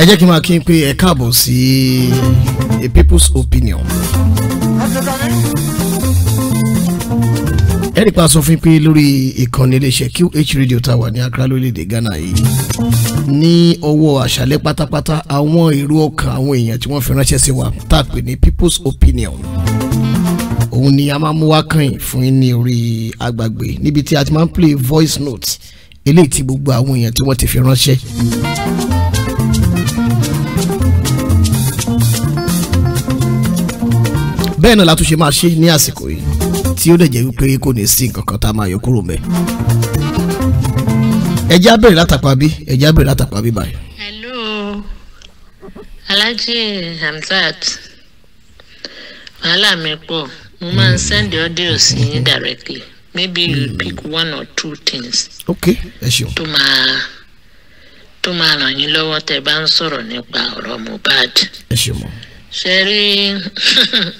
ẹ jẹ́ kí n máa kí n pé ẹ káàbọ̀ sí a people's opinion. ẹnì pa sọ fún pé lórí ìkànnì iléeṣẹ́ QH radio tá a wà ní Accra lórílẹ̀‐èdè Ghana yìí ní ọwọ́ àṣálẹ́ pátápátá àwọn èrò ọkàn àwọn èèyàn tí wọ́n fi ránṣẹ́ sí wa tá ní people's opinion òun ni a máa mú wá kàn fún yín ní orí agbàgbé níbi tí a ti máa ń play voice note eléyìí tí gbogbo àwọn èèyàn tí wọ́n ti fi ránṣẹ́. bẹ́ẹ̀ náà látúnṣe máa ṣe ní àsìkò yìí tí ó lè jẹ́ wípé kò ní sí nǹkan kan tá a máa yọ kúrò mẹ́. ẹjẹ́ á látàpá bí ẹjẹ́ á látàpá bí báyìí. hello alhaji hamzat wàhálà mi pọ̀ mo máa ń hmm. send audio sí yín directly maybe you hmm. pick one or two things. ok ẹ ṣeun. tó máa tó máa ràn yín lọ́wọ́ tẹ́ bá ń sọ̀rọ̀ nípa ọ̀rọ̀ mohbad. ẹ ṣeun. ṣe rí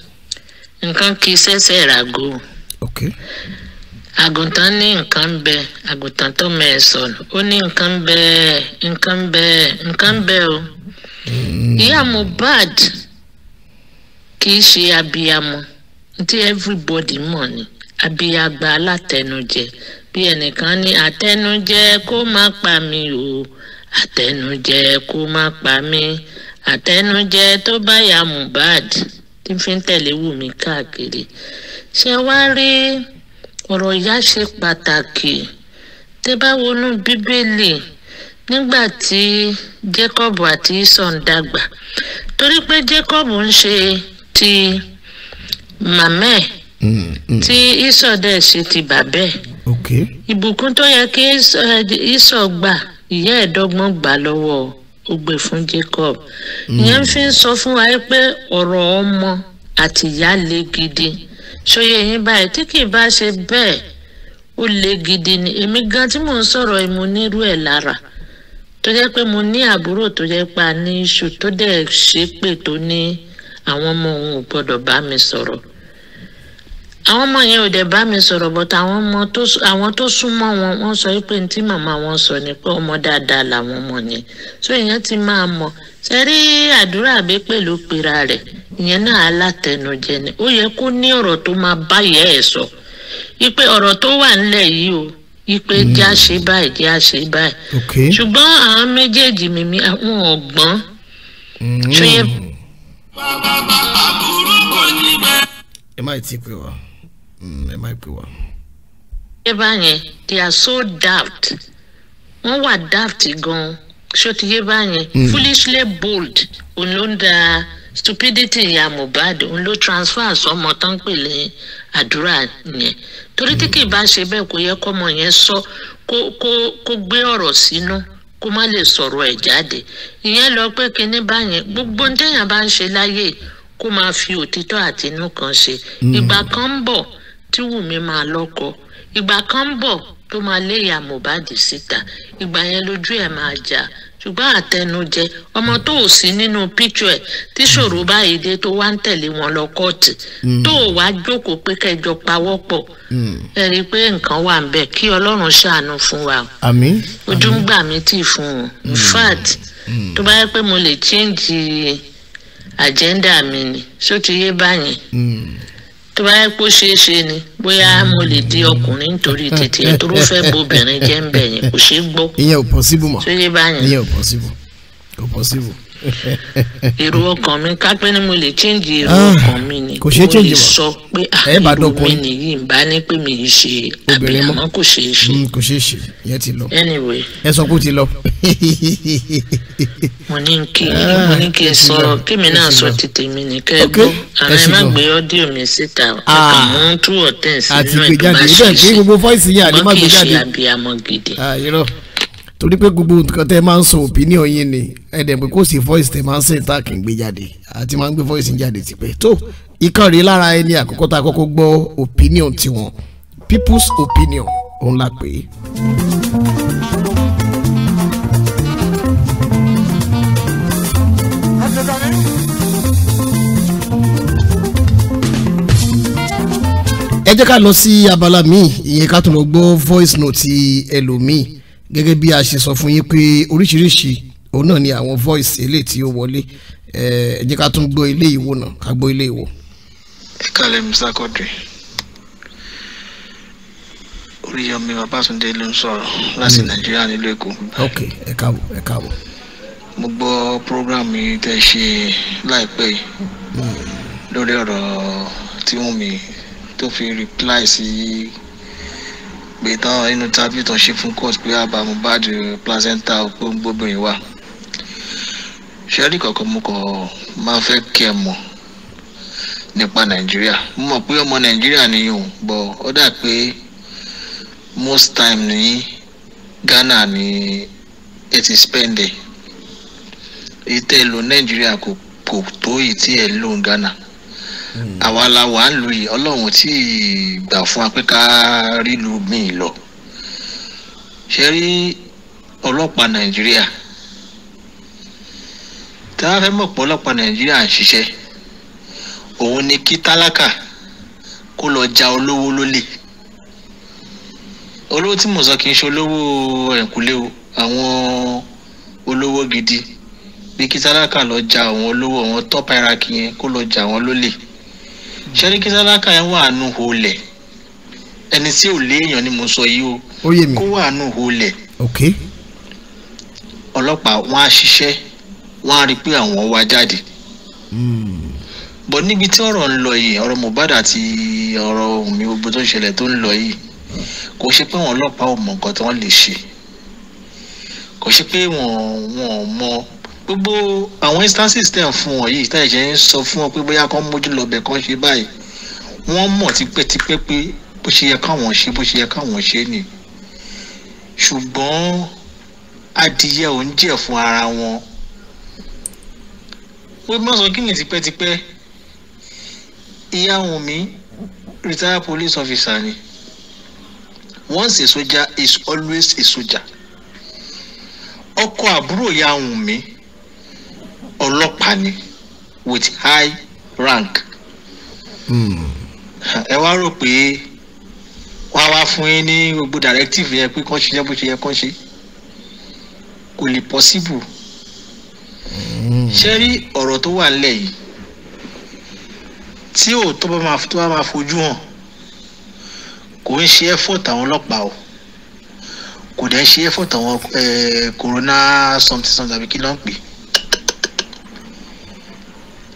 nkan kì í ṣẹ̀ṣẹ̀ ràgó. àgùntàn ní nkan bẹ àgùntàn tó mẹ́ ẹ ó ní nǹkan bẹ nǹkan bẹ nǹkan bẹ o. Hmm. ìyá Mohbad kì í ṣe abiyamọ tí everybody mọ̀ ni abiyagba alátẹnujẹ bí ẹnìkan ní àtẹnujẹ kó má pa mí o àtẹnujẹ kó má pa mí àtẹnujẹ tó bá ya Mohbad. tí n fi ń tẹ̀lé wù mí káàkiri ṣé wá rí ọ̀rọ̀ ìyá ṣe pàtàkì tẹ́ bá wọnú bíbélì nígbà tí Jacob àti Esau ń dàgbà torí pé Jacob ń ṣe ti màmá ẹ̀ mm, mm. tí Esau dẹ̀ ṣe ti bàbá ẹ̀ ìbùkún tó yẹ kí Esau gbà ìyá ẹ̀ gbà lọ́wọ́ o ó gbé fún Jacob ìyẹn fi ń sọ fún wa pé ọ̀rọ̀ ọmọ àti ìyá le gidi ṣòye yín báyìí tí kì í bá ṣe bẹ́ẹ̀ ó le gidi ni èmi gan tí mò ń sọ̀rọ̀ ìmú nírú ẹ̀ lára tó jẹ́ pé mo ní àbúrò tó jẹ́ pa ní iṣu tó dẹ̀ ṣépè tó ní àwọn ọmọ òun ò gbọ́dọ̀ bá mi sọ̀rọ̀ àwọn ọmọ yẹn ò dẹ̀ bá mi sọ̀rọ̀ but àwọn ọmọ tó àwọn tó súnmọ́ wọn wọ́n sọ pé ní tí màmá wọn sọ ni pé ọmọ dáadáa làwọn ọmọ yẹn so ìyẹn ti máa mọ̀ ṣe rí àdúrà àbí pẹ̀lú pera rẹ̀ ìyẹn náà alátẹnujẹ ni ó yẹ kó ní ọ̀rọ̀ tó máa bá yẹ ẹ̀ sọ ipe ọ̀rọ̀ tó wà ńlẹ̀ yìí o ipe hmm. jẹ́ àṣẹ báyìí jẹ́ àṣẹ báyìí ṣùgbọ́n àwọn méjèèjì mímí àwọn ọ̀gbọ́n hmm. ṣó yẹ. ẹ má ì tí ì pè wá ẹ má pè wá. ẹbá yẹn they are so daft wọ́n wà daft gan-an ṣó ti yé báyẹn hmm. foolishly bold òun ló ń da stupidity ìyá Mohbad òun ló transfer sọmọ tán pè lé àdúrà yẹn torí tí hmm. kì í bá ṣe bẹ́ẹ̀ kò yẹ kọ́mọ yẹn sọ kó kó kó gbé ọ̀rọ̀ sínú kó má lè sọ̀rọ̀ ẹ̀ jáde ìyẹn lọ pé kinní báyẹn gbogbo ní téèyàn bá ń ṣe láyé kó máa fi òtítọ́ àtinú kan ṣe hmm. ìgbà kan ń bọ̀ tí Wùmí máa lọ́kọ ìgbà kan ń bọ̀ tó máa lé ìyá Mohbad síta ìgbà yẹn lójú ẹ̀ máa jà ṣùgbọ́n àtẹnujẹ ọmọ tó ò sí nínú píkṣọ ẹ̀ tí ṣòro báyìí dé tó wá ń tẹ̀lé wọn lọ kóòtù hmm. tó ò wá jókòó pé kẹjọ pawọ́ pọ̀ hmm. ẹ rí i pé nǹkan wà ń bẹ̀ kí ọlọ́run ṣàánú fún wa ojú ń gbà mí tì fún un in hmm. tó bá yẹ pé mo lè change agenda mi ni ṣó ti yé báyìí tó bá yẹ kó ṣeé ṣe ni bóyá mo lè di ọkùnrin nítorí tètè ẹ dúró fẹ́ bobìnrin jẹ́ ń bẹ̀ yẹn kò ṣeé gbọ́. ìyẹn ò possible mọ́ ìyẹn ò possible kò possible èrò ọkàn mi kápẹ́ ni mo lè change èrò ah, ọkàn mi ni mo lè sọ pé àìrò ah, mi nìyí ń bá ní pé mi ì ṣe àbíyàmọ́ kò ṣeé ṣe. Hmm, kò ṣeé ṣe yẹn ti lọ anyway ẹ sọ pé ó ti lọ. mo ní kí ah, mo ní kí n sọ kémi náà sọ ti tèmi ní kẹ́ ẹ gbọ́ àwọn ẹ má gbé ọ́díò mi síta ẹ kà mú tú ọ̀tẹ̀ sínú ẹ̀ tó bá ṣe é ṣe wọ́n kì í ṣe àbíyàmọ́ gidi torí pé gbogbo nǹkan tẹ máa ń sọ opinion yín ni ẹ pé kò sí voice tẹ máa ń sìn táàkì ń gbé jáde àti máa ń gbé voice ń jáde tipẹ́ tó ìkànnì lára ẹni àkọ́kọ́ tá a kọ́kọ́ gbọ́ opinion tiwọn people's opinion òun la pè é. ẹ jẹ́ ká lọ sí abala míì ìyẹn ká tó lọ gbọ́ voice note ti ẹlòmíì gẹ́gẹ́ bí a ṣe sọ fún yín pé oríṣiríṣi òun náà ni àwọn voice eléyìí tí ó wọlé ẹ jẹ́ ká tún gbọ́ ilé ìwò náà ká gbọ́ ilé ìwò. ẹ kálẹ̀ Mr. Quadri Oríyọ̀mí Babátúndé ló ń sọ̀rọ̀ láti hmm. Nàìjíríà nílùú Èkó. ok ẹ káàbọ̀ ẹ káàbọ̀. mo gbọ́ programu yìí tẹ́ ṣe láìpẹ́ hmm. lórí ọ̀rọ̀ tí wọ́n mi tó fi reply sí. Si pé tán nínú interview tán ṣe fún court pé àbá Mohbad placenta ògbóǹgbòbìnrin wà ṣẹ́rí kankan mo kàn máa fẹ́ kí ẹ mọ̀ nípa nàìjíríà mo mọ̀ pé ọmọ nàìjíríà ni òun bọ̀ ó dà pé most time ní Ghana ni ẹ ti spend ẹ èyí tẹ́ ẹ lò nàìjíríà kò tó èyí ẹ lò Ghana àwa la wà á lu yìí ọlọ́run tí gbà fún wa pé ká rí lu míì lọ ṣe rí ọlọ́pàá nàìjíríà tá a fẹ́ mọ̀ pé ọlọ́pàá nàìjíríà ń ṣiṣẹ́ òun ni kí tálákà kó lọ ja olówó lólè olówó tí mo sọ kì í ṣe olówó ẹ̀kúlé o àwọn olówó gidi bí kí tálákà lọ ja àwọn olówó àwọn top hierarchy kó lọ ja àwọn lólè ṣẹ́ríkí sálákà yẹn wà nù holẹ̀ ẹni tí ò léèyàn ni mo sọ yìí o kó wà nù holẹ̀ ọlọ́pàá wọ́n á ṣiṣẹ́ wọ́n á rí i pé àwọn wá jáde hmm. bọ̀ níbi tí ọ̀rọ̀ ń lọ yìí ọ̀rọ̀ Mohbad àti ọ̀rọ̀ Wùmí gbogbo tó ń ṣẹlẹ̀ tó ń lọ yìí kò ṣe pé wọn ọlọ́pàá ò mọ nǹkan tí wọ́n lè ṣe kò ṣe pé wọn ò mọ gbogbo àwọn instances tẹ̀ ń fún wọn yìí tẹ̀ ṣe ń sọ fún wọn pé bóyá kán mójú lọ bẹ̀ kán ṣe báyìí wọ́n mọ̀ tipẹ́tipẹ́ pé bó ṣe yẹ káwọn ṣe bó ṣe yẹ káwọn ṣe ni ṣùgbọ́n adìyẹ ò ń jẹ fún ara wọn wọ́n má sọ kí ni tipẹ́tipẹ́ ìyá Wùnmí retired police officer ni once a soldier is always a soldier ọkọ àbúrò ìyá Wùnmí ọlọ́pàá ni with high rank. Hmm. ẹ wá rò pé wọ́n wá fún yín ní gbogbo directive yẹn pé kán ṣe bó ṣe yẹ kán ṣe kò lè possible. Hmm. ṣé rí ọ̀rọ̀ tó wà nílẹ̀ yìí tí òótọ́ bá máa tó bá máa fojú hàn kò ń ṣe effort àwọn ọlọ́pàá o kò dẹ̀ ń ṣe effort àwọn eh, corona something something àbí kí ló ń pè é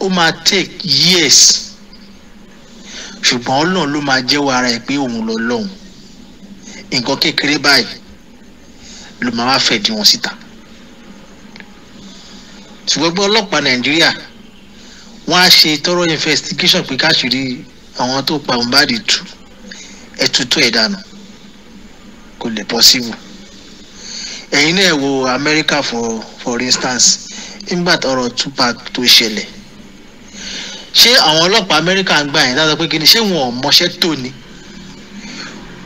ó máa take years ṣùgbọ́n ọlọ́run ló máa jẹ́wọ́ ara ẹ̀ pé òun lọ lọ́hùn nǹkan kékeré báyìí ló máa wá fẹ̀dí wọn síta ṣùgbọ́n gbọ́ ọlọ́pàá nàìjíríà wọ́n á ṣe thorough investigation pé káṣírí àwọn tó pa Mohbad tú ẹtútù ẹ̀ dànù kò lè possible ẹ̀yin náà wo America for for instance nígbà tọ́rọ̀ Tupac tó ṣẹlẹ̀ ṣé àwọn ọlọ́pàá amẹ́ríkà ń gbà yẹn dáadáa pé kíni ṣé wọn ò mọṣẹ́ tó ni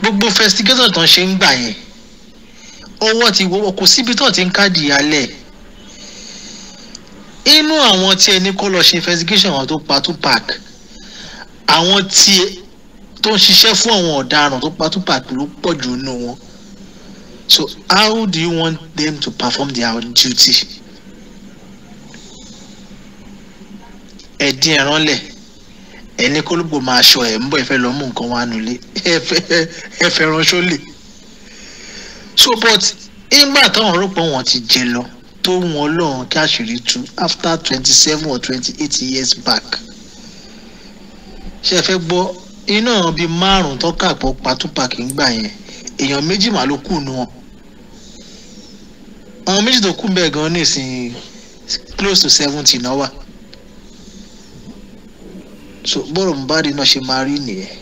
gbogbo fẹsitigétọ̀ tán ṣe ń gbà yẹn ọwọ́ ti wọ́wọ́ kò síbi tó ti ń káàdì alẹ́ inú àwọn tí ẹni kọ́ lọ ṣe investigation àwọn tó pa Tupac àwọn tí tó ń ṣiṣẹ́ fún àwọn ọ̀daràn tó pa Tupac ló pọ̀ jù nínú wọn so how do you want them to perform their own duty? ẹ dín ẹran lẹ̀ ẹ ní kólógbò máa ṣọ ẹ̀ ń bọ̀ ẹ fẹ́ lọ mú nǹkan wá nulẹ̀ ẹ fẹ́ lè so but ìgbà táwọn rògbò wọn ti jẹ lọ tó wọn lọ́run kí àṣírí tú after twenty seven or twenty eight years back ṣe fẹ́ gbọ́ iná bíi márùn tó kàpọ̀ pàtúpàkì ń gbà yẹn èèyàn méjì mà ló kù nù wọn àwọn méjì tó kù bẹ́ẹ̀ gan nísìnyí close to seventy náà wà so bọ́rọ̀ Mohbad náà ṣe máa rí nìyẹn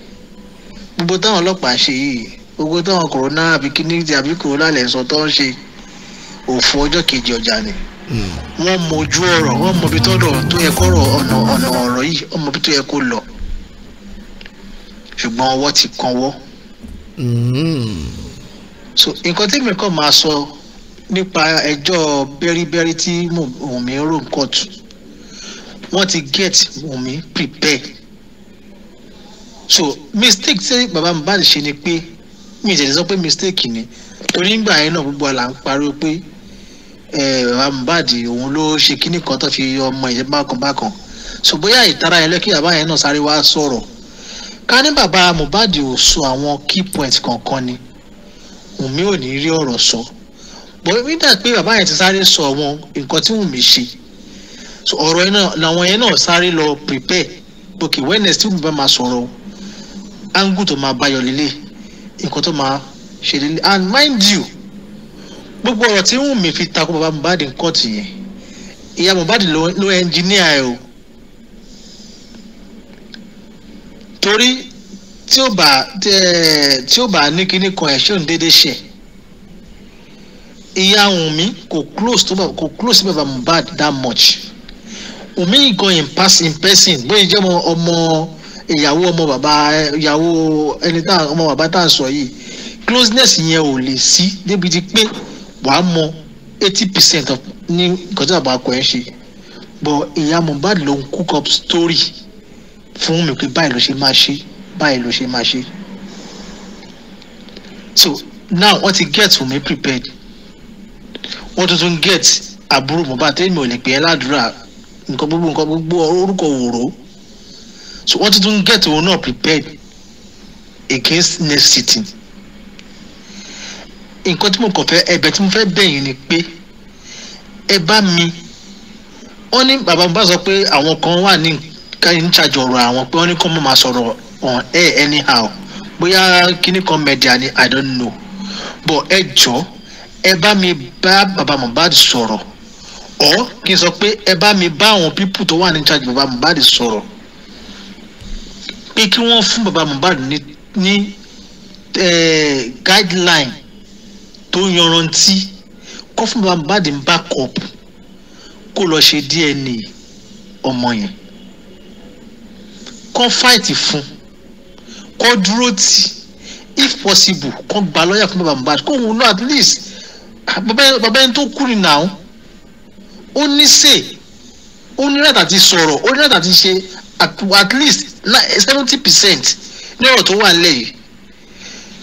gbogbo táwọn ọlọ́pàá ṣe yìí gbogbo táwọn kòrónà àbí kíníkì àbí kòrónà lẹ́sọ̀ tó ń ṣe òfò ọjọ́ kejì ọjà ni hmm. wọ́n mọjú ọ̀rọ̀ wọ́n mọbi tọ́dọ̀ tó yẹ kọ́rọ̀ ọ̀nà ọ̀nà ọ̀rọ̀ yìí wọ́n mọbi tó yẹ kó lọ ṣùgbọ́n ọwọ́ ti kanwọ́. Hmm. so nǹkan tí mi kàn máa sọ nípa ẹjọ́ bẹ́rìbẹ́rì tí mò ń mi rò ń kọ́tù wọ́n ti get Wunmi prepare so mistake tí bàbá Mohbad ṣe ni pé mi ìṣẹ̀lẹ̀ sọ pé mistake ni torí ńgbà yẹn náà gbogbo àlà ń pariwo pé bàbá Mohbad òun ló ṣe kíní kan tó fi ọmọ ìyẹn bákan bákan so bóyá ìtara yẹn lẹ́kí bàbá yẹn náà sáré wá sọ̀rọ̀ ká ní bàbá Mohbad ò sọ àwọn key points kankan ni Wunmi ò ní rí ọ̀rọ̀ sọ bọ̀ nígbà pé bàbá yẹn ti sáré sọ àwọn nǹkan tí Wunmi ṣe so ọ̀rọ̀ yẹn náà làwọn yẹn náà sáré lọ prepare okay wellness tí olùbá máa sọ̀rọ̀ angu tó máa bayọ̀ lélẹ̀ nǹkan tó máa ṣe lélẹ̀ and mind you gbogbo ọ̀rọ̀ tí Wùnmí fi takò bàbá Mohbad ń kọ́ tìyẹn ìyá Mohbad ló ẹnjìníà ẹ o torí tí ó bá tí eh, ó bá ní kíní kan ẹ̀ ṣé òun déédéé ṣe ìyá Wùnmí kò close to kò close to bàbá Mohbad that much. Wùmí gan in pass in person bóyá jẹ́ ọmọ ọmọ ìyàwó ọmọ bàbá ìyàwó ẹni tá ọmọ bàbá tá à sọ yìí closeness yẹn ò lè sí débi ti pé wàá mọ eighty percent ní nǹkan tí bàbá akọ ẹ ṣe but ìyá Mohbad ló ń cook up story fún mi pé báyìí ló ṣe máa ṣe báyìí ló ṣe máa ṣe so now wọ́n ti get Wùmí prepared wọ́n tuntun get àbúrò Mohbad tẹ́lẹ̀ mi ò lè pè é e ládùúrà nǹkan gbogbo nǹkan gbogbo orúkọ òwòrò so wọ́n ti tún get òun náà prepared against next sitting nǹkan tí mo kàn fẹ́ ẹ̀bẹ̀ tí mo fẹ́ bẹ̀ yín ni pé ẹ bá mi wọ́n ní bàbá mi bá sọ pé àwọn kan wà ní káyọ̀ ń ṣàjọ ọ̀rọ̀ àwọn pé wọ́n ní kó mọ̀ máa sọ̀rọ̀ on air anyhow bóyá kíní kan mẹ́díà ni I don't know but ẹ jọ̀ọ́ ẹ bá mi bá bàbá Mohbad sọ̀rọ̀ ọ kí n sọ pé ẹ bá mi bá àwọn pípù tó wà ní charge bàbá Mohbad sọ̀rọ̀ pé kí wọ́n fún bàbá Mohbad ní ní guideline tó yanrantí kó fún bàbá Mohbad ní backup kó lọ ṣe DNA ọmọ yẹn kó fight fún kó dúró tì if possible kó gba lọ́yà fún bàbá Mohbad kó òun náà at least bàbá yẹn tó kú ni now ó ní sè ó ní láti àti sọ̀rọ̀ ó ní láti àti ṣe at least seventy percent ní ọ̀rọ̀ tó wà nílẹ̀ yìí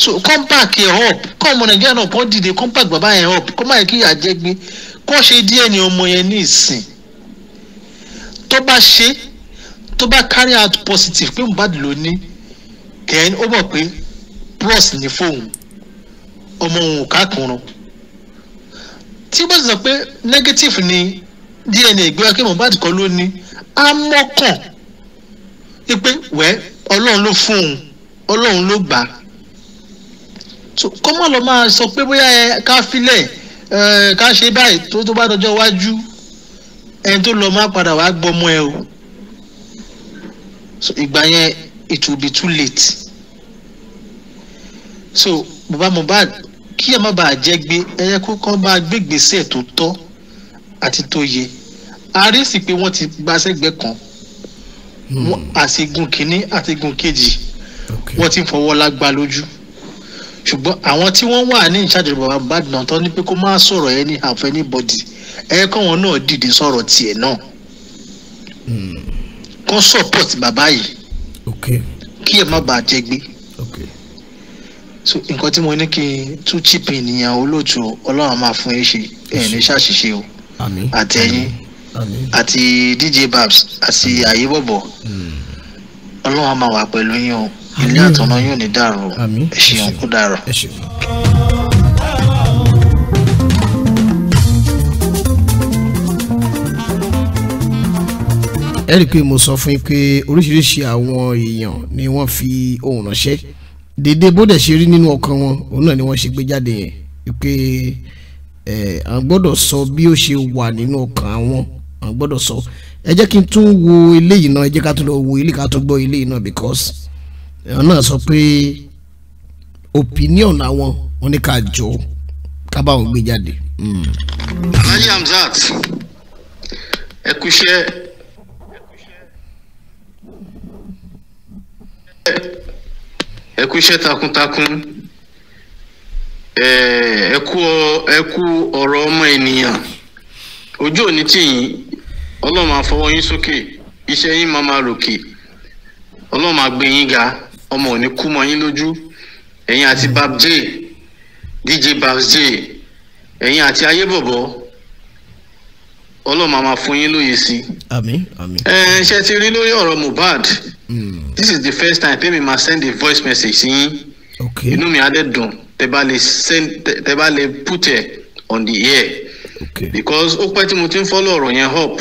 so come back ẹ̀ up kọ́ ọmọ nàìjíríà náà kọ́ dìde come back Baba, ẹ̀ up kọ́ máa kí àjẹgbin kọ́ ṣe díẹ̀ ní ọmọ yẹn ní ìsìn tó bá ṣe tó bá carry out positive pé Mohbad ló ní kẹ́hìn ó mọ̀ pé plus ní fóun ọmọ òun ò ká kùnrùn tí bó ti sọ pé negative ni DNA ìgbéra kí Mohbad kọ́ ló ní á mọ́kàn pé wẹ́ ọlọ́run ló fún òun ọlọ́run ló gbà á kọ́ mọ̀ lọ́ máa sọ pé bóyá ká filẹ̀ ká ṣe báyìí tó tó bá dọjọ́ iwájú ẹni tó lọ máa padà wá gbọmọ ẹ o ìgbà yẹn it will be too late so bàbá Mohbad kí ẹ má bàa jẹ́ gbé ẹyẹ kó bá gbégbèsè tó tọ́ àti tó yẹ ààrẹ sì pé wọ́n ti gba sẹ́gbẹ́ kan hmm. àṣegun kínní àṣegun kejì wọ́n ti fọwọ́ lágbá lójú ṣùgbọ́n àwọn tí wọ́n wà ní ìṣàjọ bàbá Ìbàdàn tán ni pé kó má sọ̀rọ̀ ẹ ní àfẹ́ ní bọ́dì ẹ̀yẹ káwọn náà dìde sọ̀rọ̀ tiẹ̀ náà hmm. kó support bàbá yìí kí ẹ má bàa jẹ gbé so nǹkan tí mo ní kí n tún chip nìyẹn olóòtú ọlọ́run máa fún yín ṣe ẹ̀ ṣàṣìṣe o àtẹ̀yìn àti dj babs àti ayé bọ̀bọ̀ hmm. ọlọ́run máa wà pẹ̀lú yín o ilé àtọ̀nà yóò ní dàrú o ṣeun kó dàrú. ẹ rí i pé mo sọ fún yín pé oríṣiríṣi àwọn èèyàn ni wọ́n fi ohùn ránṣẹ́ dédé bó dẹ̀ ṣe rí nínú ọkàn wọn òun náà ni wọ́n ṣe gbé jáde yẹn pé ẹ à ń gbọ́dọ̀ sọ bí ó ṣe wà nínú ọkàn àwọn à ń gbọ́dọ̀ sọ ẹ jẹ́ kí n tún wo eléyìí náà ẹ jẹ́ ká tún lọ wo ilé ká tún gbọ́ eléyìí náà because àwọn náà sọ pé opinion àwọn wọn ní ká jọ ká bá wọn gbé jáde. Hmm. Alhaji Hamzat ẹ kú iṣẹ́. eku kú takuntakun eh, eku kú ẹ kú ọ̀rọ̀ ọmọ ènìyàn ojú òní tì yín ọlọ́run máa fọwọ́ yín sókè iṣẹ́ yín máa máa ròkè ọlọ́run ga ọmọ òní kú mọ́ yín lójú ẹ̀yin àti bab j dj bab j ati àti ayébọ̀bọ̀. ọlọ́run máa máa fún yín lóye sí i. àmín àmín. ẹ ṣe ti rí lórí ọ̀rọ̀ Mohbad this is the first time tẹ́mi máa send a voice message sí yín okay. inú mi á dẹ̀ dùn tẹ́ bá lè send tẹ́ bá lè put ẹ̀ on the air okay. because ó pẹ́ tí mo ti ń follow ọ̀rọ̀ yẹn up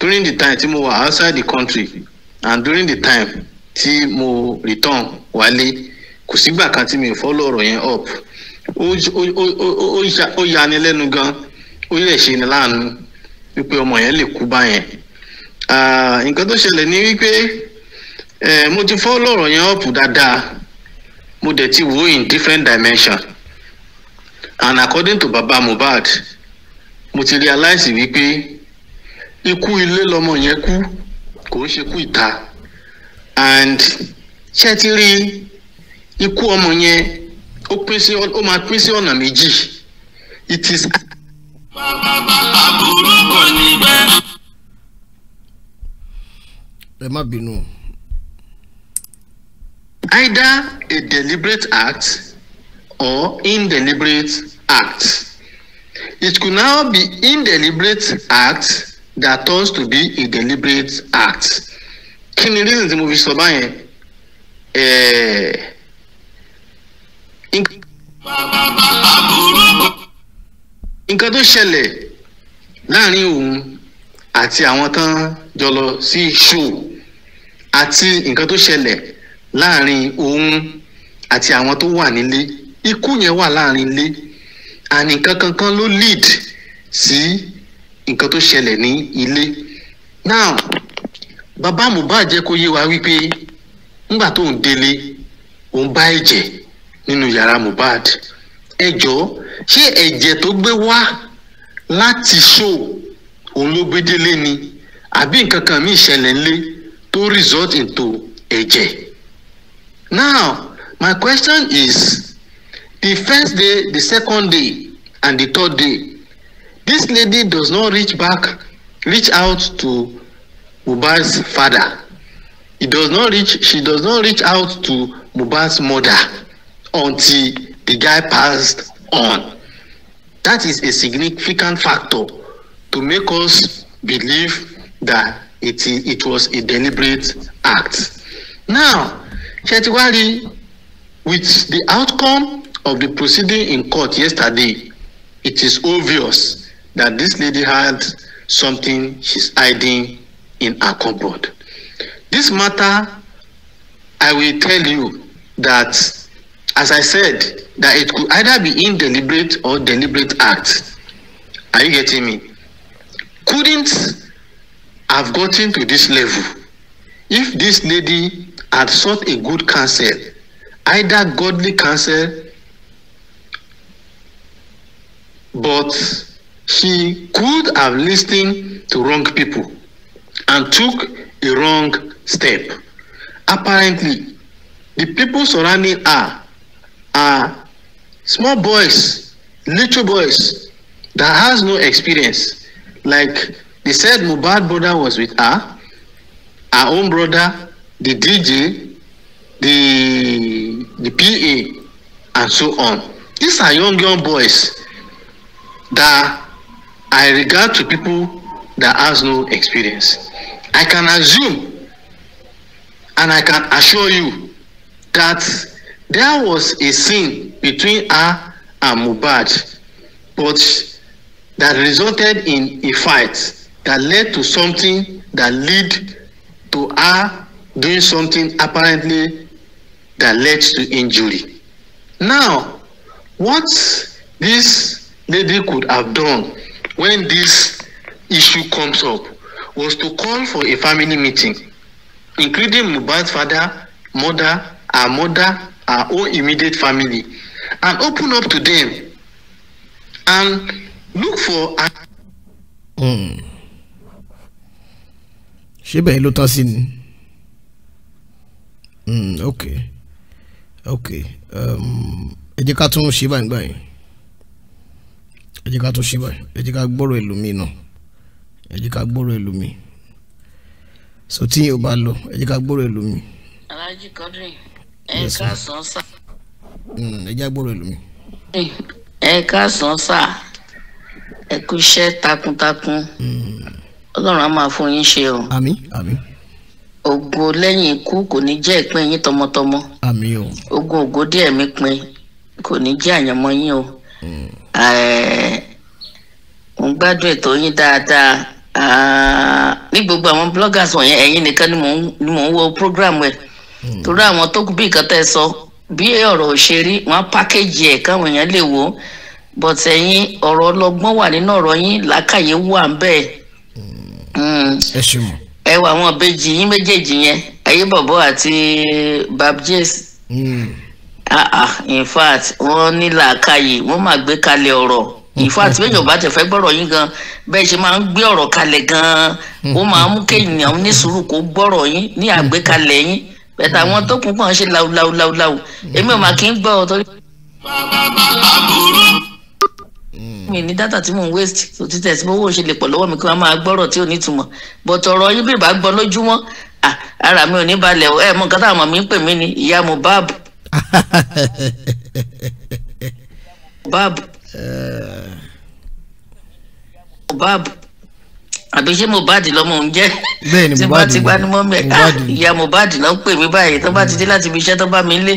during the time tí mo wà outside the country and during the time tí mo return wálé kò sígbà kan tí mi ò follow ọ̀rọ̀ yẹn up ó yanilẹ́nu gan ó yẹ̀ ṣe ni láàánú wípé ọmọ yẹn lè kú báyẹn nǹkan tó ṣẹlẹ̀ ni wípé mo ti fọ́ lọ́rọ̀ yẹn ọ̀pù dáadáa mo dẹ̀ ti wò in different dimension and according to baba Mohbad mo ti realize wípé ikú ilé lọmọ yẹn kú kò ń ṣe ìta and ṣé ti rí ikú ọmọ yẹn ó pín ó máa pín sí ọ̀nà méjì it is aburú kò ní bẹ́ẹ̀. ẹ má bínú. either a deliberate act or indeliberate act it could now be indeliberate act that turns to be a deliberate act kí ni reason tí mo fi sọ báyẹn. Eh, aburú kò nǹkan tó ṣẹlẹ̀ láàrin òun àti àwọn tán jọ lọ sí ṣò àti nǹkan tó ṣẹlẹ̀ láàrin òun àti àwọn tó wà nílé ikú yẹn wà láàrin ilé àní nǹkan kankan ló lead sí nǹkan tó ṣẹlẹ̀ ní ilé now bàbá Mohbad jẹ́ kó yé wa wípé ńgbà tó ń délé òun bá ẹ̀jẹ̀ nínú yàrá Mohbad ẹ jọ̀ọ́ ṣé ẹ̀jẹ̀ tó gbé wá láti ṣó òun ló gbé délé ni àbí nǹkan kan mí ìṣẹ̀lẹ̀ ńlé tó result into ẹ̀jẹ̀ now my question is the first day the second day and the third day this lady does not reach back reach out to Mohbad's father he does not reach she does not reach out to Mohbad's mother until the guy passed on. That is a significant factor to make us believe that it, it was a deliberate act. Now, Shetiwari, with the outcome of the proceeding in court yesterday, it is obvious that this lady had something she's hiding in her cupboard. This matter, I will tell you that, as I said, that it could either be in deliberate or deliberate act. Are you getting me? Couldn't have gotten to this level if this lady had sought a good counsel, either godly counsel, but she could have listened to wrong people and took a wrong step. Apparently, the people surrounding her are small boys, little boys that has no experience. Like they said, Mubad brother was with her, our own brother, the DJ, the the PA, and so on. These are young young boys that I regard to people that has no experience. I can assume and I can assure you that there was a scene between her and Mohbad but that resulted in a fight that led to something that lead to her doing something apparently that led to injury now what this lady could have done when this issue comes up was to call for a family meeting including Mohbad's father mother her mother our own immediate family and open up to them and look for. Hmm. ṣé bẹ́ẹ̀ ló tán sí ni hmm, ok ok um, ẹ jẹ́ ká tún ṣe báyìí báyìí ẹ jẹ́ ká tún ṣe báyìí ẹ jẹ́ ká gbọ́rọ̀ ẹlòmíì náà ẹ jẹ́ ká gbọ́rọ̀ ẹlòmíì so tí yóò bá lọ ẹ jẹ́ ká gbọ́rọ̀ ẹlòmíì. alájí kọdún yìí ẹ káàsán sá. Hmm, ẹ jẹ́ gbọ́rọ̀ ìlú mi. ẹ káàsán sá ẹ kú iṣẹ́ takuntakun hmm. ọlọ́run á máa fún yín ṣe o. àmín àmín. ògo lẹ́yìn ikú kò ní jẹ́ ìpín yín tọmọtọmọ. àmín o. ogun ògo díẹ̀ mi pin kò ní jẹ́ àyànmọ́ yín o. Hmm. mo ń gbádùn ètò yín dáadáa ní gbogbo àwọn bloggers wọ̀nyẹn ẹ̀yin nìkan ni mò ń wo program ẹ̀. Hmm. torí àwọn tó kù bí nǹkan tẹ́ sọ bí ọ̀rọ̀ ò ṣe rí wọ́n pákéjì ẹ̀ káwọn èèyàn lè wò ó but ẹ̀yin ọ̀rọ̀ ọlọ́gbọ́n wà nínú ọ̀rọ̀ yín làákàyè wà ń bẹ́ẹ̀. Hmm. ẹ ṣe mọ. ẹ wà àwọn ìbejì yín méjèèjì yẹn ayé bọ̀bọ̀ àti babjes. Hmm. ah ah in fact wọ́n ní làákàyè wọ́n máa gbé kalẹ̀ ọ̀rọ̀ in fact méjọba tẹ fẹ́ gbọ́rọ̀ yín gan bẹ́ẹ̀ ṣe máa ń gbé ọ̀rọ̀ kalẹ̀ gan ó máa ń mú kéèyàn ní sùúrù kó gbọ́rọ̀ yín ní àgbékalẹ̀ yín bẹ̀tà àwọn tó kún kàn ṣe láwùláwùláwù èmi ò mà kí ń gbọ́ ọ torí. mi ní dátà tí mò ń waste tó ti tẹ̀sí bówó ṣe lè pọ̀ lọ́wọ́ mi kí wọ́n máa gbọ́rọ̀ tí ò ní túmọ̀ bọ̀tọ̀ ọ̀rọ̀ yín bèbà gbọ́ lójúmọ́ ara mi ò ní balẹ̀ ẹ̀ mọ nǹkan táwọn ọmọ mi ń pè mí ni ìyá Mohbab. Mohbab. Eh. Mohbab àbí ṣé Mohbad lọmọ òun jẹ bẹ́ẹ̀ni Mohbad ti bá ní mọmí ẹ ìyá Mohbad náà ń pè mí báyìí tó bá ti dé láti ibi iṣẹ́ tó bá mi lé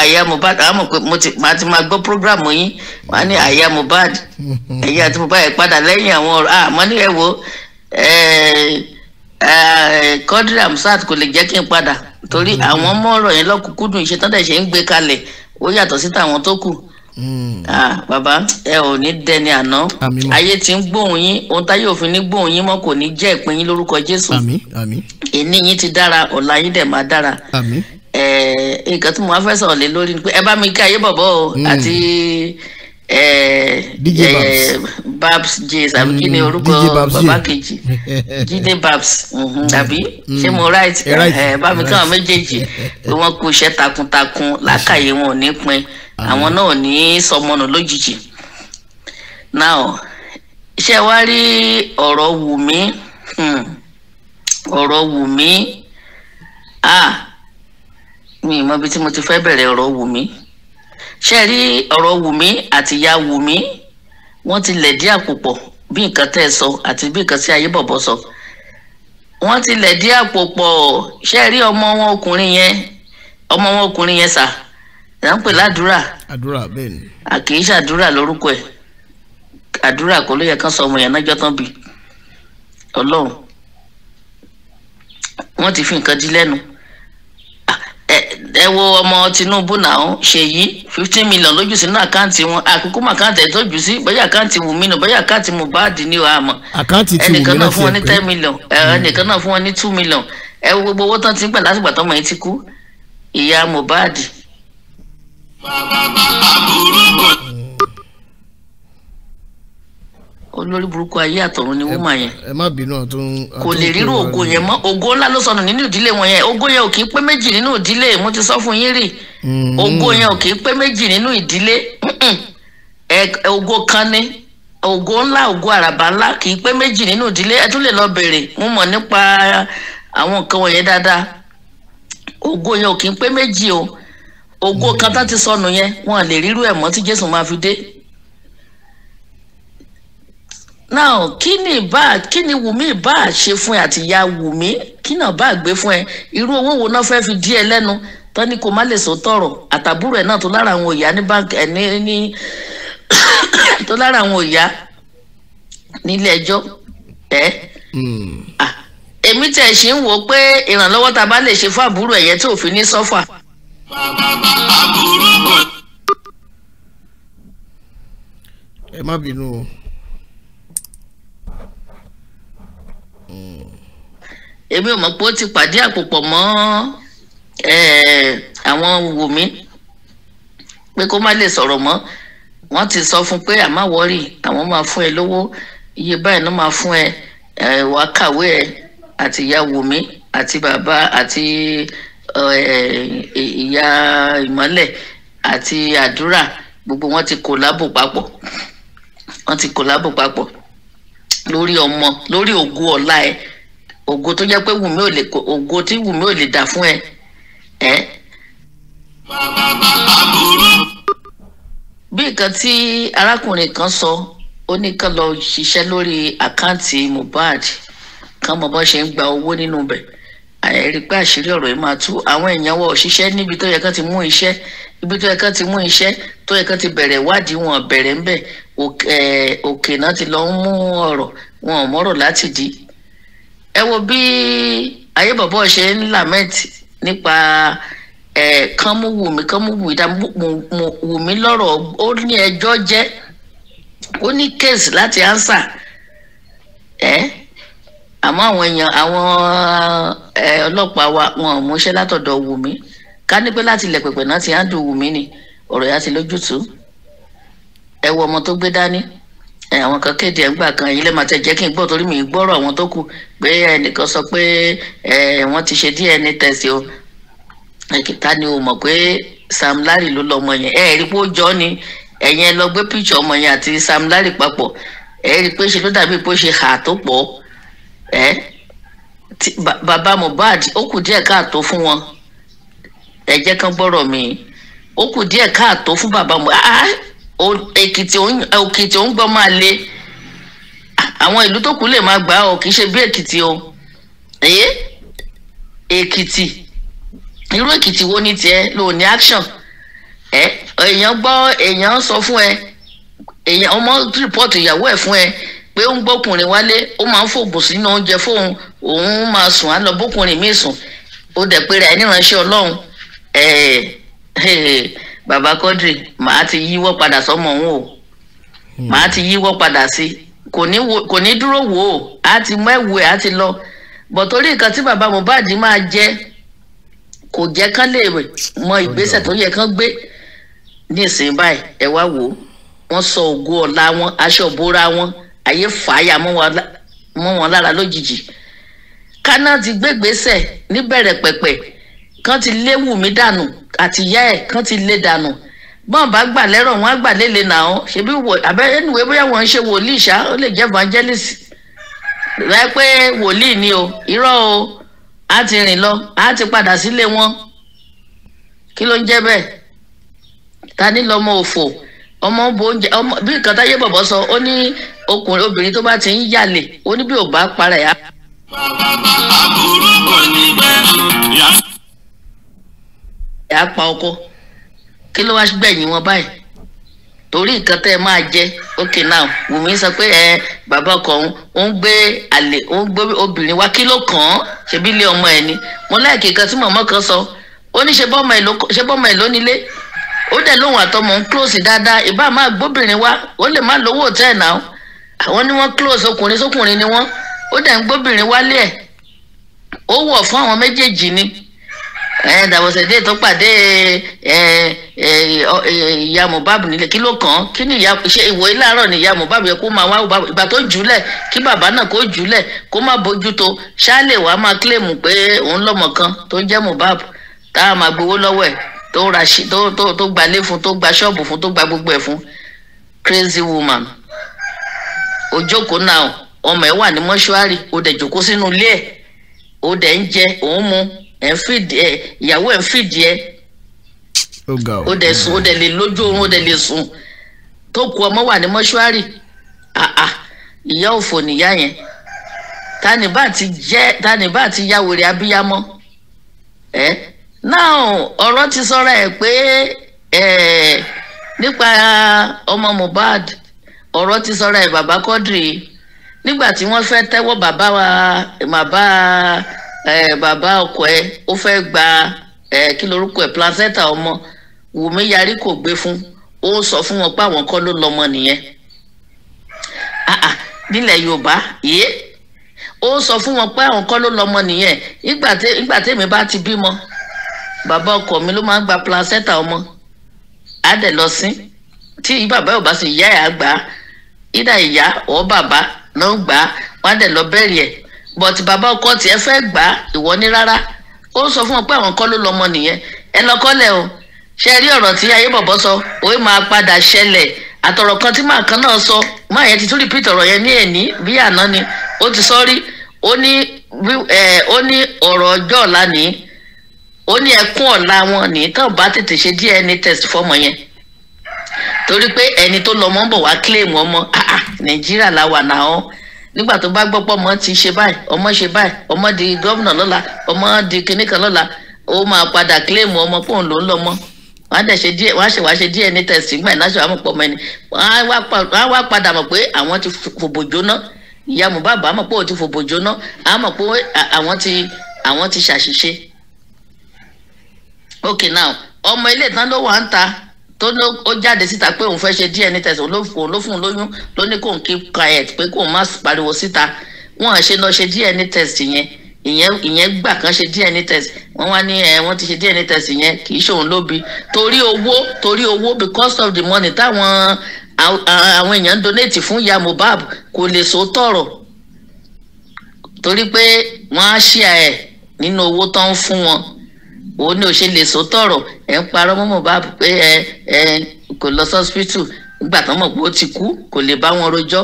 àyà Mohbad àmọ́ pé mo ti máa ti máa gbọ́ program yín wàá ní àyà Mohbad ẹ̀yà àti Mohbad ẹ padà lẹ́yìn àwọn ọ̀rọ̀ àmọ́ ah, ní ẹ wo Quadri kò lè jẹ́ kí n padà torí àwọn mọ ọ̀rọ̀ yẹn lọkùnkúndùn ìṣe tán dẹ ṣe ń gbé kalẹ̀ ó yàtọ̀ sí tàwọn tó kù Hmm. Ah, bàbá ẹ ò ní dẹni àná ayé tí ń gbóhùn yín ohun táyé òfin ní gbóhùn yín mọ́ kò ní jẹ́ ìpín yín lórúkọ Jésù ìní yín ti dára ọ̀la yín dẹ̀ máa dára nǹkan tí mo wá fẹ́ sọ̀rọ̀ lé lórí ni pé ẹ bá mi kí ayé bọ̀bọ̀ o hmm. àti DJ Babs jays àbí kí ni hmm, orúkọ bàbá kejì Jídé Babs mhm, àbí ṣé mo right ẹ bá mi kí àwọn méjèèjì pé wọ́n kú iṣẹ́ takuntakun làákàyè wọn ò ní pin àwọn náà ní sọmọnù lójijì now ṣé wá rí ọ̀rọ̀ Wùmí hmm. ọ̀rọ̀ Wùmí ah mi ì mọ ibi tí mo ti fẹ́ bẹ̀rẹ̀ ọ̀rọ̀ Wùmí ṣé rí ọ̀rọ̀ Wùmí àti ìyá Wùmí wọ́n ti lẹ̀dí àpò pọ̀ bí nǹkan tẹ́ ẹ sọ àti bí nǹkan tí ayé bọ̀bọ̀ sọ wọ́n ti lẹ̀dí àpò pọ̀ ṣé rí ọmọ wọn ọkùnrin yẹn ọmọ wọn ọkùnrin yẹn sà là ń pè ládùúrà àdúrà bẹ́ẹ̀ ni. a kì í ṣàdúrà lórúkọ ẹ̀ àdúrà kọ́ ló yẹ kán sọ ọmọ yẹn nájọ́ tán bí ọlọ́run wọ́n ti fi nǹkan di lẹ́nu ẹ wo ọmọ Tinubu náà ṣèyí fifteen million lójú sínú àkáǹtì wọn àkókò mọ àkáǹtì ẹ tọjú sí bóyá àkáǹtì Wùmí nù bóyá àkáǹtì Mohbad ní ìwà àmọ́ ẹnìkan náà fún wọn ní ten million hmm. ẹnìkan náà fún wọn ní two million ẹ wo gbogbo owó tán ti ń gbà lásìgbà tọmọ yẹn ti kú ìyá Mohbad olórí burúkú ayé àtọ̀run ni wọ́n mà yẹn. ẹ má bínú ọtún. kò lè rírò ògo yẹn mọ́ ògo ńlá ló sọnù nínú ìdílé wọn yẹn ògo yẹn ò kì í pé méjì nínú ìdílé mo ti sọ fún yín rì mm-hmm. ògo yẹn ò kì í pé méjì nínú ìdílé ògo kan ni ògo ńlá ògo àràbà ńlá kì í pé méjì nínú ìdílé ẹ tún lè lọ bèrè mo mọ̀ nípa àwọn nǹkan wọ̀nyẹn dáadáa ògo yẹn ò kì í pé méjì o. Ogo mm. kan tó ti sọnù yẹn wọn lè rírú ẹ̀ mọ́ tí Jésù máa fi dé now kí ni ìbá kí ni Wùmí ìbá ṣe fún ẹ àti ìyá Wùmí kí náà bá gbé fún ẹ irú owó wo náà fẹ́ẹ́ fi dí ẹ lẹ́nu tán ni kò má lè sọ tọrọ àtàbúrò ẹ náà tó lára àwọn ìyá ní báńkì ẹ ní ní tó lára àwọn ìyá nílé ẹjọ́ ẹ mm. èmi tẹ̀ ṣe ń wò pé ìrànlọ́wọ́ tá a bá lè ṣe fún àbúrò ẹ̀yẹ tó fi ní sọ́fà ẹ má bínú o. èmi ò mọ̀ pé ó ti pàdé àpòpọ̀ mọ́ àwọn Wùmí pé kó má lè sọ̀rọ̀ mọ́ wọ́n ti sọ fún pé àmọ́ wọ́rì àwọn máa fún ẹ lówó iye báyìí ló máa fún ẹ wàá kàwé ẹ àti ìyá Wùmí àti bàbá àti. Eh, Eh, eh, ìyá ìmọ́lẹ̀ àti àdúrà gbogbo wọn ti kòlábò papọ̀ wọn ti kòlábò papọ̀ lórí ọmọ lórí ògo ọ̀la ẹ ògo tó jẹ́ pé wùmí ò lè ògo tí wùmí ò lè dà fún ẹ ẹ. bí nǹkan tí arákùnrin kan sọ ó ní kán lọ ṣiṣẹ́ lórí àkáǹtì Mohbad kán mọ bọ́n ṣe ń gba owó nínú bẹ̀ ẹ̀rí pé àṣírí ọ̀rọ̀ yìí máa tú àwọn èèyàn wọ òṣìṣẹ́ níbi tó yẹ kán ti mú iṣẹ́ ibi tó yẹ kán ti mú iṣẹ́ tó yẹ kán ti bẹ̀rẹ̀ wádìí wọn bẹ̀rẹ̀ ń bẹ̀ òkè náà ti lọ ń mú ọ̀rọ̀ wọn ò mọ́rọ̀ láti dí. ẹ wo bí ayé bàbá ṣe ń lament nípa kán mú wùmí kán mú wùmí dáa lọ́rọ̀ ó ní ẹjọ́ jẹ́ ó ní case láti answer. Eh? àmọ́ àwọn èèyàn àwọn ọlọ́pàá wa wọn ò múṣẹ́ látọ̀dọ̀ Wùmí ká ní pé láti ilẹ̀ náà ti hàn Wùmí ni ọ̀rọ̀ yà ti lójútùú ẹ wo ọmọ tó gbé dání àwọn kan kéde ẹgbà kan yìí lè máa tẹ jẹ́ kí n gbọ́ torí mi ì gbọ́rọ̀ àwọn tó kù pé ẹnìkan sọ pé wọ́n ti ṣe DNA test o ẹ̀kìtá ni o mọ̀ pé Sam Larry ló lọ́mọ yẹn ẹ̀ rí pé ó jọ ni ẹ̀yẹn lọ gbé píṣọ̀ ọmọ yẹn àti Sam Larry papọ̀ ẹ̀ rí pé ṣe ló dàbí pé ó ṣe hà tó pọ̀ ọ́ ẹ ti Baba Mohbad ó kù díẹ̀ káàtó fún wọn ẹ jẹ́ kán gbọ́rọ̀ mi ó kù díẹ̀ káàtó fún bàbá Mohbad Èkìtì òun gbọ́ máa le àwọn ìlú tó kù lè máa gbà ọ kì í ṣe bí Èkìtì o èyí Èkìtì irú Èkìtì wo ni tiẹ̀ ló ní action ẹ èèyàn gbọ́ èèyàn sọ fún ẹ èèyàn ọmọ rìpọ́tù ìyàwó ẹ̀ fún ẹ pé ó ń gbọ́kùnrin wálé ó máa ń fògbò sínú oúnjẹ fóun òun máa sùn á lọ bókùnrin míì sùn ó dẹ̀ pé rẹ̀ níránṣẹ́ ọlọ́run bàbá Quadri màá ti yíwọ́ padà sọ́mọ òun o hmm. màá ti yíwọ́ padà sí kò ní dúró wò ó á ti mọ ẹ̀wù ẹ̀ á ti lọ bọ̀ torí nǹkan tí bàbá Mohbad máa jẹ kò jẹ́ kán lè mọ ìgbésẹ̀ tó yẹ kán gbé ní ìsìn báyìí ẹ wá wò ó wọ́n sọ ògo ọ̀la wọn aṣọ ìbora wọn ayé fàáyà mọ́ wọn lára lójijì kaná ti gbégbèsè níbẹ̀rẹ̀ pẹ̀pẹ̀ kan ti lé Wùmí dànù àtìyá ẹ̀ kan ti lé dànù bọ́n bá gbà lẹ́rọ̀ wọn á gbà lélẹ̀ náà ọ́ ṣebí wò abẹ́ ẹnuwé bóyá wọ́n ń ṣe wòlíì ṣá ó lè jẹ́ evangelist rẹ pé wòlíì ni o irọ́ o á ti rìn lọ á ti padà sílé wọn kí ló ń jẹ́ bẹ́ẹ̀ ta ni lọ́mọ òfò ọmọ ń bo oúnjẹ ọmọ bí nǹkan táyé bọ̀bọ̀ sọ ó ní ọkùnrin obìnrin tó bá ti ń yàlè ó ní bí ò bá para ẹ̀ á. ìyá pa ọkọ kí ló wá gbẹ̀yìn wọn báyìí torí nǹkan tẹ́ ẹ máa jẹ okay now Wùmí sọ pé ẹ bàbá ọkọ òun ó ń gbé àlè ó ń gbé obìnrin wá kí ló kàn án ṣebí ilé ọmọ ẹ ni mo láìkè kan tí màmá kan sọ ó ní ṣe bọ́mọ ẹ lónílé ó dẹ̀ lóun àtọmọ ń close dáadáa ìbá máa gbóbìnrin wá ó lè má lówó tẹ́ ẹ̀ náà àwọn ni wọ́n close ọkùnrin sókùnrin ni wọ́n ó dẹ̀ ń gbóbìnrin wálé ẹ̀ ó wọ̀ fún àwọn méjèèjì ni dàbọ̀sẹ̀dé tó pàdé ìyá Mohbad nílé kí ló kàn án kí ni ìyá ṣe ìwòye láàárọ̀ ni ìyá Mohbad yẹ kó máa wá ìgbà tó jùlẹ̀ kí bàbá náà kó jùlẹ̀ kó má bójú tó ṣáà lè wàá máa kílèmù pé òun lọ́mọ kan tó ń jẹ́ Mohbad tá a máa gbowó lọ́wọ́ ẹ̀ tó ra ṣí tó tó tó gba ilé fún tó gba ṣọ́ọ̀bù fún tó gba gbogbo ẹ̀ fún crazy woman òjòkó náà ọmọ ẹ̀ wà ní mọ́ṣúárì ó dẹ̀ jòkó sínú ilé ẹ̀ ó dẹ̀ ń jẹ òun mu ẹ̀ ń fìdí ẹ̀ ìyàwó ẹ̀ ń fìdí ẹ̀ ó dẹ̀ sùn ó dẹ̀ lè lójú oorun ó dẹ̀ lè sùn tó kù ọmọ wà ní mọ́ṣúárì àà ìyá òfò nìyá yẹn tani bá ti jẹ́ tani bá ti yá wèrè abíyámọ́ ẹ̀. Eh? now ọ̀rọ̀ ti sọ̀rọ̀ ẹ̀ pé nípa ọmọ Mohbad ọ̀rọ̀ ti sọ̀rọ̀ ẹ̀ bàbá Quadri nígbà tí wọ́n fẹ́ tẹ́wọ́ bàbá wa bàbá bàbá ọkọ ẹ̀ ó fẹ́ gba kí lorúkọ ẹ̀ placenta ọmọ Wùmí yarí kò gbé fún ó sọ fún wọn pé àwọn kọ́ ló lọ́mọ nìyẹn nílẹ̀ Yorùbá yé ó sọ fún wọn pé àwọn kọ́ ló lọ́mọ nìyẹn nígbà tèmi bá ti bímọ bàbá ọkọ mi ló máa ń gba placenta ọmọ á dẹ̀ lọ sí tí bàbá ò bá sì yá ẹ̀ á gbà á ìdá ìyá ọ̀ bàbá náà gbà á wọ́n á dẹ̀ lọ bẹ́ẹ̀ yẹn but bàbá ọkọ tiẹ̀ fẹ́ gbà á ìwọ ní rárá ó sọ fún ọ pé àwọn kọ́ ló lọ́mọ nìyẹn ẹ lọ kọ́lẹ̀ o ṣe rí ọ̀rọ̀ tí ayé bọ̀bọ̀ sọ òye máa padà ṣẹlẹ̀ àtọ̀rọ̀ kan tí màá kan náà sọ máa yẹn ti tún repeat ọ̀rọ̀ yẹn ní ẹ̀ní bí àná ni ó ti sọ rí ó ní eh, ọ̀rọ̀ ọjọ́ ọ̀la nìyí ó ní ẹkún ọ̀la wọn ní tán bá tètè ṣe DNA test fọmọ yẹn torí pé ẹni tó lọ́mọ ń bọ̀ wá claim ọmọ nàìjíríà la wà náà nígbà tó bá gbọ́ pọ̀ ọmọ ti ṣe báyìí ọmọ ṣe báyìí ọmọ di gómìnà lọ́la ọmọ di kinní kan lọ́la ó máa padà claim ọmọ pòun ló ń lọ́mọ wọ́n á dẹ̀ ṣe díẹ̀ wọ́n á ṣe wá ṣe DNA test gbọ́n ẹ̀ láṣọ àmọ̀pọ̀ ọmọ ẹni wọ́n á wá padà mọ̀ pé àwọn ti fòbò jóná ìyá Mohbad àmọ̀ pé òun ti fòbò jóná àmọ̀ pé àwọn ti àwọn ti ṣàṣìṣe ok now ọmọ ilé ìtàn ló wà ń ta tó ló ó jáde síta pé òun fẹ́ ṣe DNA test òun ló fún ló fún lóyún ló ní kó n keep quiet pé kó n má pariwo síta wọ́n ṣe lọ ṣe DNA test yẹn ìyẹn ìyẹn gbà kan ṣe DNA test wọ́n wá ní ẹ wọ́n ti ṣe DNA test yẹn kì í ṣòun ló bi torí owó torí owó because of the money táwọn àwọn èèyàn ń donate fún ìyá Mohbad kò lè so tọrọ torí pé wọ́n á ṣíà ẹ nínú owó tó ń fún wọn òun ni ò ṣe lè sọ tọ̀rọ̀ ẹ ń parọ́ mọ́ Mohbad pé ẹ ẹ kò lọ sọ́sìpítù nígbà tán mọ̀ pé ó ti kú kò lè bá wọn rojọ́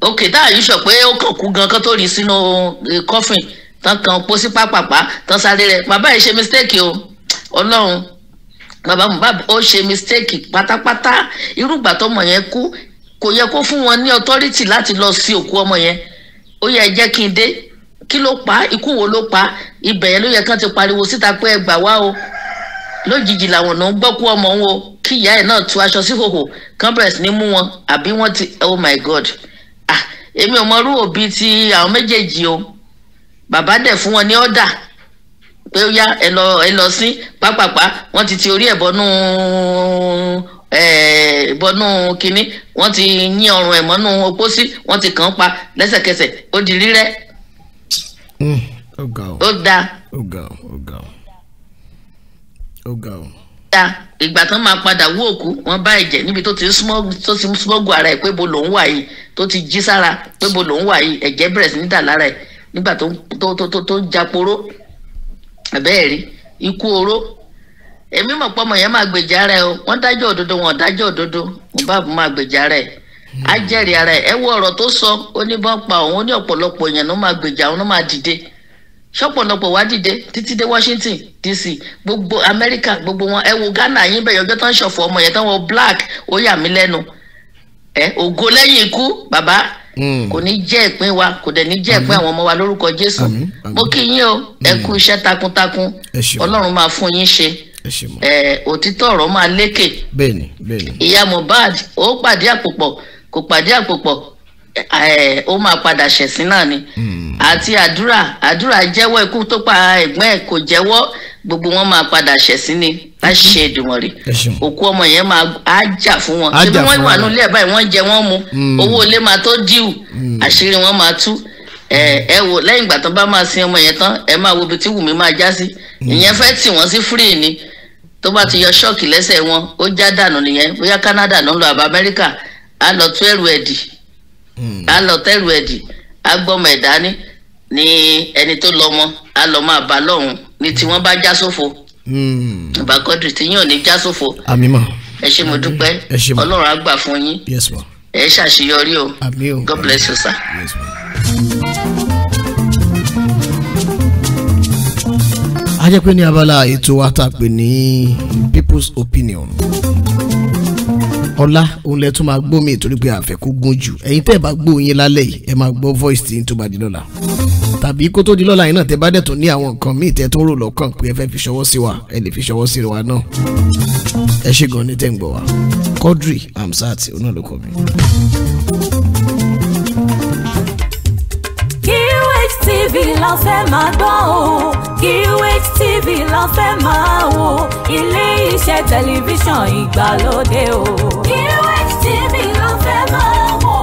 ok tá a yìí sọ pé ó kàn kú gan kán tó rí sínú eh, coffin tán kan pọ̀ sí pápápá tán sáré rẹ̀ bàbá yìí ṣe mistake o Ọlọ́run bàbá Mohbad ó ṣe mistake pátápátá irúgbà tọmọ yẹn kú kò yẹ kó fún wọn ní authority láti lọ sí òkú ọmọ yẹn ó yẹ jẹ́ kí n dé kí ló pa ikú wo ló pa ibẹ̀ yẹn ló yẹ kán ti pariwo síta pé ẹ gbà wá o lójijì làwọn náà ń gbọ́ kú ọmọ wọn o kí ìyá ẹ̀ náà tú aṣọ sí hòhò kán ní mú wọn àbí wọ́n ti oh my god ah èmi ò mọrú òbí ti àwọn méjèèjì o bàbá dẹ̀ fún wọn ní ọ̀dà pé ó yá ẹ lọ ẹ lọ sí pápápá wọ́n ti ti orí ẹ̀ bọ́nú bọ́nú kínní wọ́n ti yín ọrùn ẹ̀ mọ́nú opó sí wọ́n ti kàn án pa lẹ́sẹ̀kẹsẹ̀ ó di rírẹ́ Ọ mm. ga ọ ga ó ga ó ìgbà tán máa padà wú òkú wọn bá ẹ̀jẹ̀ níbi tó ti smọ́gù ara ẹ̀ pé bo lòún wà yìí tó ti jí sára pé bo lòún wà yìí ẹ̀jẹ̀ bẹ̀rẹ̀ sí ní dà lára ẹ̀ nígbà tó tó ń bẹ́ẹ̀ rí ikú oró èmi mọ̀ yẹn wọn dájọ́ òdodo mo bá máa gbèjà á jẹ́rìí ara ẹ̀ ẹ wo ọ̀rọ̀ tó sọ ó ní bá pa òun ó ní ọ̀pọ̀lọpọ̀ èèyàn ló máa gbèjà òun ló máa dìde ṣọ̀pọ̀lọpọ̀ wá dìde títí dé Washington DC gbogbo Amẹ́ríkà gbogbo wọn ẹ wo Ghana yín bẹ̀yọ̀ ọjọ́ tán ṣọ̀fọ̀ ọmọ yẹn tán wọ black ó yà mí lẹ́nu ẹ ògo lẹ́yìn ikú bàbá hmm. kò ní jẹ́ ìpín wa kò dẹ̀ ní jẹ́ ìpín àwọn ọmọ wa lórúkọ Jésù mo kí yín o ẹ hmm. kú iṣẹ́ takuntakun Ọlọ́run máa fún yín ṣe òtítọ́ ọ̀rọ̀ máa lékè ìyá Mohbad ó pàdé àpòpọ̀ kò pàdé àpòpọ̀ ó máa padà ṣẹ̀sín náà ni hmm. àti àdúrà àdúrà jẹ́wọ́ ikú tó pa ẹ̀gbọ́n ẹ̀ kò jẹ́wọ́ gbogbo wọn máa padà ṣẹ̀sín ni láti ṣe ìdùnmọ̀rì òkú ọmọ yẹn máa á jà fún wọn ṣé bí wọ́n wà nílé ẹ̀ báyìí wọ́n jẹ wọ́n mu hmm. owó ilé máa tó díù hmm. àṣírí wọn máa tú ẹ wò lẹ́yìn ìgbà tán bá máa sin ọmọ yẹn tán ẹ máa wo ibi tí Wùmí máa já sí ìyẹn fẹ́ tì wọ́n sí free ni tó bá ti yọ ṣọ́ọ̀kì lẹ́sẹ̀ wọn ó já dànù nìyẹn bóyá Canada ló ń lọ àbá Amẹ́ríkà a lọ tún ẹrù ẹdì hmm. a lọ tẹrù ẹdì a gbọmọ ẹdá ní ní ẹni tó lọmọ a lọ máa bá lọ́hùn ní tí wọ́n bá já sófo bàbá hmm. Quadri tí yín ní já sófo ẹ ṣé mo dúpẹ́ Ọlọ́run á gbà fún yín ẹ ṣàṣeyọrí o God bless you sir. Yes, a jẹ́ pé ní abala ètò wa ta pè ní people's opinion ọlá òun lẹ tún máa gbọ́ mi torí pé àfẹ́ kó jù ẹ̀yin tẹ́ ẹ bá gbọ́ yín lálẹ́ yìí ẹ máa gbọ́ voice tí ń tó bá di lọ́la tàbí kó tó di lọ́la yìí náà tẹ́ bá dẹ̀ tún ní àwọn nǹkan míì tẹ́ tó rò lọ́kàn pé ẹ fẹ́ fi ṣọwọ́ sí wa ẹ lè fi ṣọwọ́ sí wa náà ẹ ṣe gan ní tẹ́ wa Quadri Hamzat onílùkọ́ mi. QH TV lọ́fẹ́ máa gbọ́ o QH TV lọ́fẹ́ máa wò ilé iṣẹ́ tẹlifíṣàn ìgbàlódé o. QH TV lọ́fẹ́ máa wò.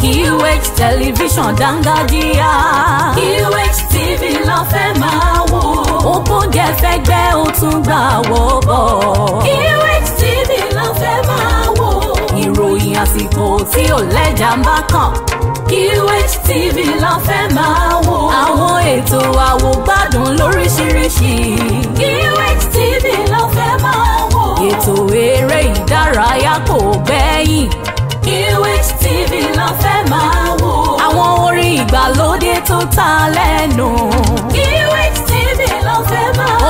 QH tẹlifíṣàn dáńgájíá QH TV lọ́fẹ́ máa wò ó bóúnjẹ fẹ́gbẹ́ ó tún gbà wọ́ bọ̀. QH TV ló fẹ́ máa wò. ìròyìn àsìkò tí ò lẹ́jà ń bá kàn. QH TV ló fẹ́ máa wò. àwọn ètò àwògbádùn lóríṣiríṣi. QH TV ló fẹ́ máa wò. ètò eré ìdárayá kò gbẹ́yìn. QH TV la fẹ́ máa wò. àwọn orin ìgbàlódé tó ta lẹ́nu. QH TV fẹ́ máa wò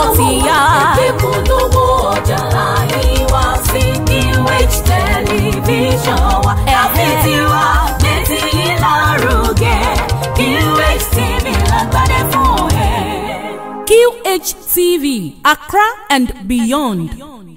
ó tv lágbádẹ fún ẹ. Accra and beyond.